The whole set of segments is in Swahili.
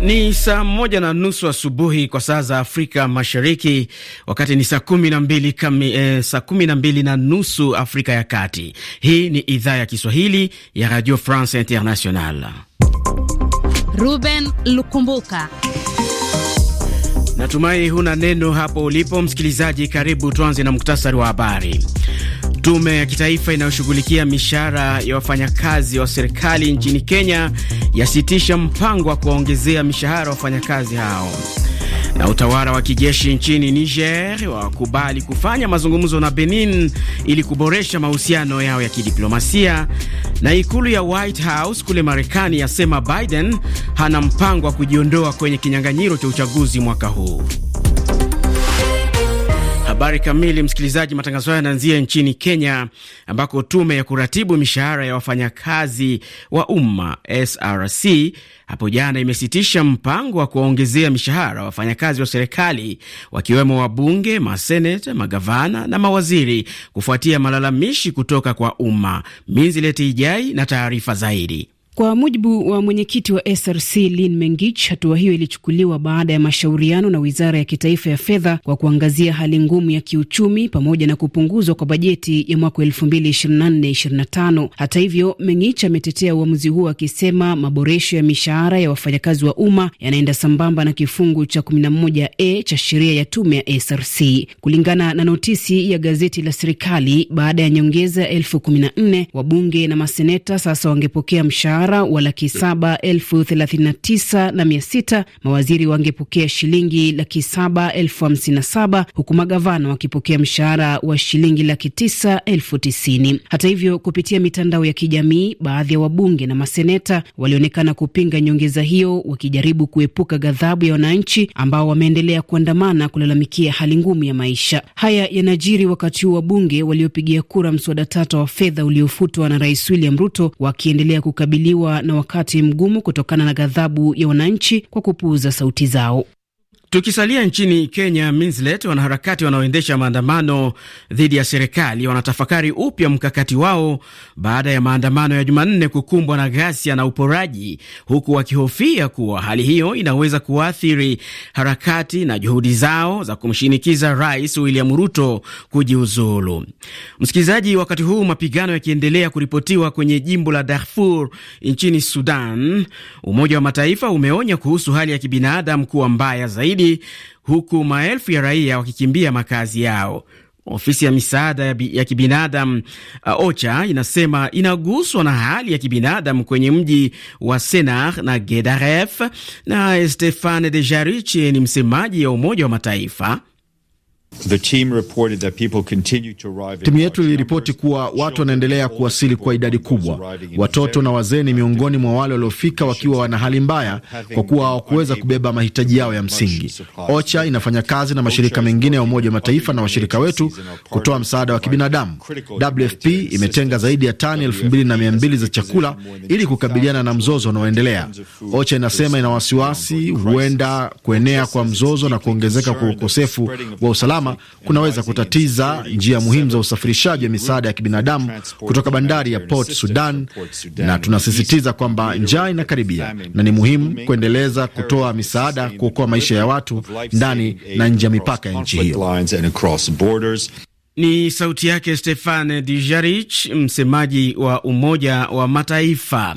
Ni saa moja na nusu asubuhi kwa saa za Afrika Mashariki, wakati ni saa kumi na mbili kami, eh, saa kumi na mbili na nusu Afrika ya Kati. Hii ni idhaa ya Kiswahili ya Radio France International. Ruben Lukumbuka, natumai huna neno hapo ulipo msikilizaji. Karibu tuanze na muktasari wa habari. Tume ya kitaifa inayoshughulikia mishahara ya wafanyakazi wa serikali nchini Kenya yasitisha mpango wa kuwaongezea mishahara wafanyakazi hao. Na utawala wa kijeshi nchini Niger wakubali kufanya mazungumzo na Benin ili kuboresha mahusiano yao ya kidiplomasia. Na ikulu ya White House kule Marekani yasema Biden hana mpango wa kujiondoa kwenye kinyang'anyiro cha uchaguzi mwaka huu. Habari kamili, msikilizaji. Matangazo haya yanaanzia nchini Kenya, ambako tume ya kuratibu mishahara ya wafanyakazi wa umma SRC hapo jana imesitisha mpango wa kuwaongezea mishahara wafanyakazi wa serikali wakiwemo wabunge, maseneta, magavana na mawaziri kufuatia malalamishi kutoka kwa umma. Minzileti Ijai na taarifa zaidi. Kwa mujibu wa mwenyekiti wa SRC Lin Mengich, hatua hiyo ilichukuliwa baada ya mashauriano na Wizara ya Kitaifa ya Fedha kwa kuangazia hali ngumu ya kiuchumi pamoja na kupunguzwa kwa bajeti ya mwaka 2024/25. Hata hivyo, Mengich ametetea uamuzi huo akisema maboresho ya mishahara ya wafanyakazi wa umma yanaenda sambamba na kifungu cha 11A e cha sheria ya tume ya SRC. Kulingana na notisi ya gazeti la serikali, baada ya nyongeza elfu kumi na nne wabunge na maseneta sasa wangepokea mshahara mshahara wa laki saba elfu thelathini na tisa na mia sita mawaziri wangepokea shilingi laki saba elfu hamsini na saba huku magavana wakipokea mshahara wa shilingi laki tisa elfu tisini. Hata hivyo, kupitia mitandao ya kijamii, baadhi ya wabunge na maseneta walionekana kupinga nyongeza hiyo, wakijaribu kuepuka ghadhabu ya wananchi ambao wameendelea kuandamana kulalamikia hali ngumu ya maisha. Haya yanajiri wakati huu wabunge waliopigia kura mswada tata wa fedha uliofutwa na Rais William Ruto wakiendelea kukabiliwa wanakabiliwa na wakati mgumu kutokana na ghadhabu ya wananchi kwa kupuuza sauti zao. Tukisalia nchini Kenya, Minslet, wanaharakati wanaoendesha maandamano dhidi ya serikali wanatafakari upya mkakati wao baada ya maandamano ya Jumanne kukumbwa na ghasia na uporaji, huku wakihofia kuwa hali hiyo inaweza kuathiri harakati na juhudi zao za kumshinikiza Rais William Ruto kujiuzulu. Msikilizaji, wakati huu mapigano yakiendelea kuripotiwa kwenye jimbo la Darfur nchini Sudan, Umoja wa Mataifa umeonya kuhusu hali ya kibinadamu kuwa mbaya zaidi zaidi, huku maelfu ya raia wakikimbia makazi yao. Ofisi ya misaada ya kibinadamu uh, OCHA inasema inaguswa na hali ya kibinadamu kwenye mji wa Sennar na Gedaref. Na Stefane Jarichi ni msemaji ya Umoja wa Mataifa Timu yetu iliripoti kuwa watu wanaendelea kuwasili kwa idadi kubwa. Watoto na wazee ni miongoni mwa wale waliofika wakiwa wana hali mbaya, kwa kuwa hawakuweza kubeba mahitaji yao ya msingi. OCHA inafanya kazi na mashirika mengine ya Umoja wa Mataifa na washirika wetu kutoa msaada wa kibinadamu. WFP imetenga zaidi ya tani elfu mbili na mia mbili za chakula ili kukabiliana na mzozo unaoendelea. OCHA inasema ina wasiwasi huenda kuenea kwa mzozo na kuongezeka kwa ukosefu wa usalama usalama kunaweza kutatiza njia muhimu za usafirishaji wa misaada ya kibinadamu kutoka bandari ya Port Sudan, na tunasisitiza kwamba njaa inakaribia na ni muhimu kuendeleza kutoa misaada kuokoa maisha ya watu ndani na nje ya mipaka ya nchi hiyo. Ni sauti yake Stefan Dujarric, msemaji wa Umoja wa Mataifa.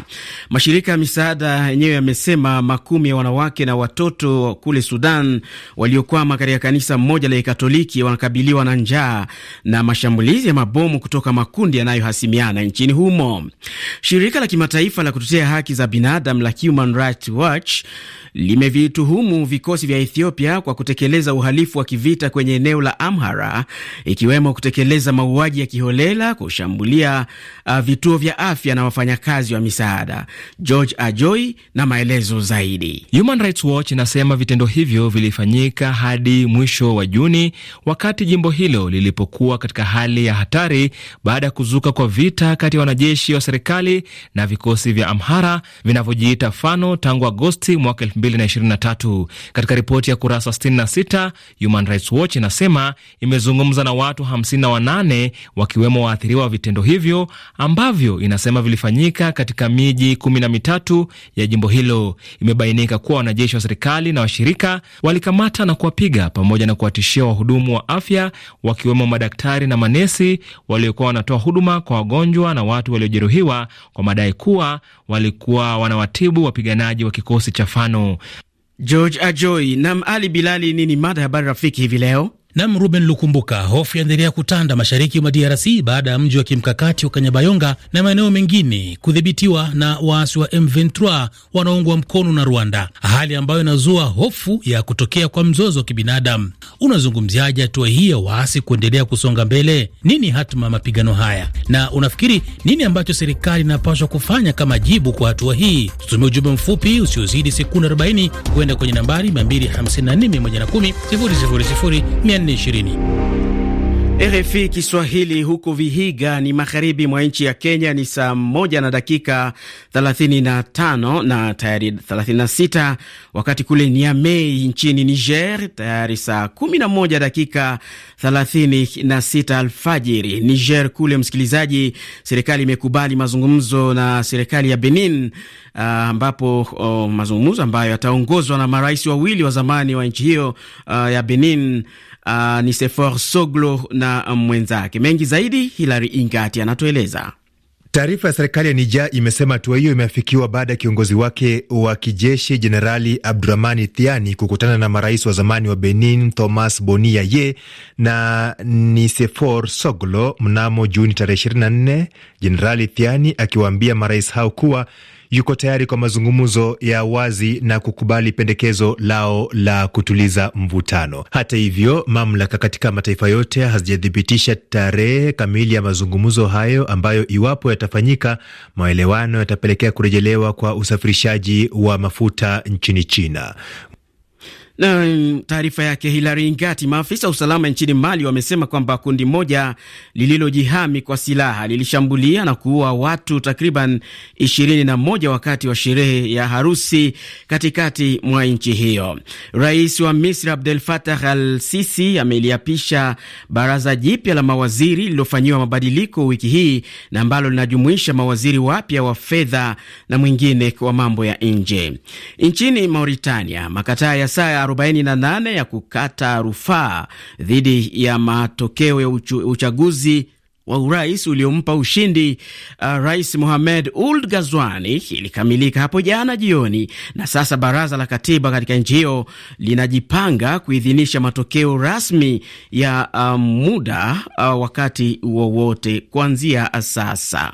Mashirika ya misaada yenyewe yamesema makumi ya wanawake na watoto kule Sudan waliokwama katika kanisa mmoja la Kikatoliki wanakabiliwa na njaa na mashambulizi ya mabomu kutoka makundi yanayohasimiana nchini humo. Shirika la kimataifa la kutetea haki za binadamu la Human Rights Watch limevituhumu vikosi vya Ethiopia kwa kutekeleza uhalifu wa kivita kwenye eneo la Amhara ikiwemo wanaotuhumiwa kutekeleza mauaji ya kiholela kushambulia uh, vituo vya afya na wafanyakazi wa misaada. George Ajoi na maelezo zaidi. Human Rights Watch inasema vitendo hivyo vilifanyika hadi mwisho wa Juni, wakati jimbo hilo lilipokuwa katika hali ya hatari baada ya kuzuka kwa vita kati ya wanajeshi wa serikali na vikosi vya Amhara vinavyojiita Fano tangu Agosti mwaka 2023. Katika ripoti ya kurasa 66, Human Rights Watch inasema imezungumza na watu 58 wakiwemo waathiriwa wa vitendo hivyo ambavyo inasema vilifanyika katika miji kumi na mitatu ya jimbo hilo. Imebainika kuwa wanajeshi wa serikali na washirika walikamata na kuwapiga pamoja na kuwatishia wahudumu wa afya wakiwemo madaktari na manesi waliokuwa wanatoa huduma kwa wagonjwa na watu waliojeruhiwa kwa madai kuwa walikuwa wanawatibu wapiganaji wa kikosi cha Fano. George Ajoi nam Ali Bilali. Nini mada ya habari rafiki hivi leo? Nam Ruben Lukumbuka. Hofu yaendelea kutanda mashariki mwa DRC baada ya mji wa kimkakati wa Kanyabayonga na maeneo mengine kudhibitiwa na waasi wa M23 wanaoungwa mkono na Rwanda, hali ambayo inazua hofu ya kutokea kwa mzozo wa kibinadamu. Unazungumziaje hatua hii ya waasi kuendelea kusonga mbele? Nini hatima ya mapigano haya, na unafikiri nini ambacho serikali inapaswa kufanya kama jibu kwa hatua hii? Tutumia ujumbe mfupi usiozidi sekunde 40 kwenda kwenye nambari 254 110 000 420. RFI Kiswahili huko Vihiga ni magharibi mwa nchi ya Kenya, ni saa moja na dakika 35 na tayari 36, wakati kule Niamey nchini Niger tayari saa 11 dakika 36 alfajiri. Niger kule, msikilizaji, serikali imekubali mazungumzo na serikali ya Benin ah, ambapo uh, mazungumzo ambayo yataongozwa na marais wawili wa zamani wa nchi hiyo uh, ya Benin uh, ni Sefor Soglo na mwenzake. Mengi zaidi Hilary Ingati anatueleza. Taarifa ya serikali ya Nija imesema hatua hiyo imeafikiwa baada ya kiongozi wake wa kijeshi Jenerali Abdurahmani Thiani kukutana na marais wa zamani wa Benin Thomas Boni Yaye na Nisefor Soglo mnamo Juni tarehe 24, Jenerali Thiani akiwaambia marais hao kuwa yuko tayari kwa mazungumzo ya wazi na kukubali pendekezo lao la kutuliza mvutano. Hata hivyo, mamlaka katika mataifa yote hazijathibitisha tarehe kamili ya mazungumzo hayo, ambayo iwapo yatafanyika, maelewano yatapelekea kurejelewa kwa usafirishaji wa mafuta nchini China. Na mm, taarifa yake Hilari Ngati. Maafisa wa usalama nchini Mali wamesema kwamba kundi moja lililojihami kwa silaha lilishambulia na kuua watu takriban moja wakati wa sherehe ya harusi katikati mwa nchi hiyo. Rais wa Misri Abdel Fattah Al Sisi ameliapisha baraza jipya la mawaziri lililofanyiwa mabadiliko wiki hii na ambalo linajumuisha mawaziri wapya wa fedha na mwingine wa mambo ya nje. Nchini Mauritania makataa ya saa 48 ya kukata rufaa dhidi ya matokeo ya uchaguzi wa urais uliompa ushindi uh, Rais Mohamed Ould gazwani ilikamilika hapo jana jioni, na sasa baraza la katiba katika nchi hiyo linajipanga kuidhinisha matokeo rasmi ya uh, muda uh, wakati wowote kuanzia sasa.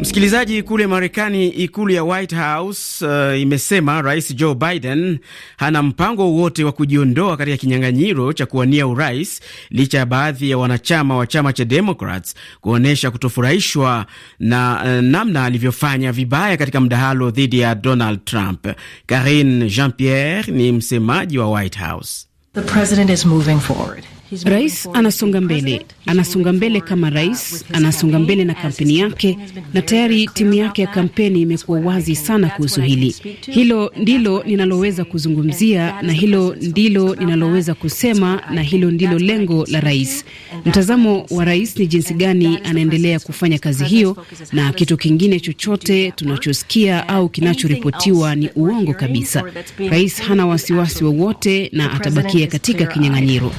Msikilizaji, kule Marekani, ikulu ya White House uh, imesema Rais Joe Biden hana mpango wowote wa kujiondoa katika kinyang'anyiro cha kuwania urais licha ya baadhi ya wanachama wa chama cha Democrats kuonyesha kutofurahishwa na uh, namna alivyofanya vibaya katika mdahalo dhidi ya Donald Trump. Karine Jean Pierre ni msemaji wa White House. The president is moving forward. Rais anasonga mbele, anasonga mbele kama rais, anasonga mbele na kampeni yake, na tayari timu yake ya kampeni imekuwa wazi sana kuhusu hili. Hilo ndilo ninaloweza kuzungumzia na hilo ndilo ninaloweza kusema na hilo ndilo lengo la rais. Mtazamo wa rais ni jinsi gani anaendelea kufanya kazi hiyo, na kitu kingine chochote tunachosikia au kinachoripotiwa ni uongo kabisa. Rais hana wasiwasi wowote na atabakia katika kinyang'anyiro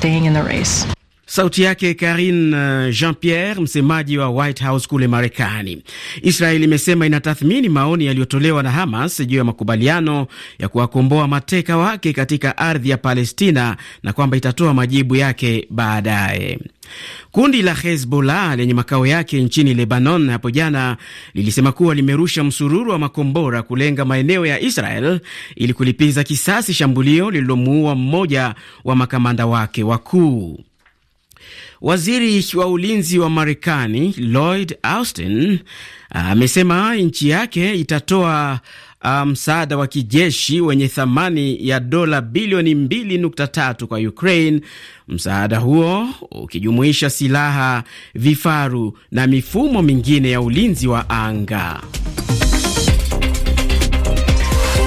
staying in the race. Sauti yake karin uh, Jean-Pierre, msemaji wa White House kule Marekani. Israel imesema inatathmini maoni yaliyotolewa na Hamas juu ya makubaliano ya kuwakomboa mateka wake katika ardhi ya Palestina na kwamba itatoa majibu yake baadaye. Kundi la Hezbollah lenye makao yake nchini Lebanon hapo jana lilisema kuwa limerusha msururu wa makombora kulenga maeneo ya Israel ili kulipiza kisasi shambulio lililomuua mmoja wa makamanda wake wakuu. Waziri wa ulinzi wa Marekani Lloyd Austin amesema nchi yake itatoa uh, msaada um, wa kijeshi wenye thamani ya dola bilioni 2.3 kwa Ukraine, msaada huo ukijumuisha silaha, vifaru na mifumo mingine ya ulinzi wa anga.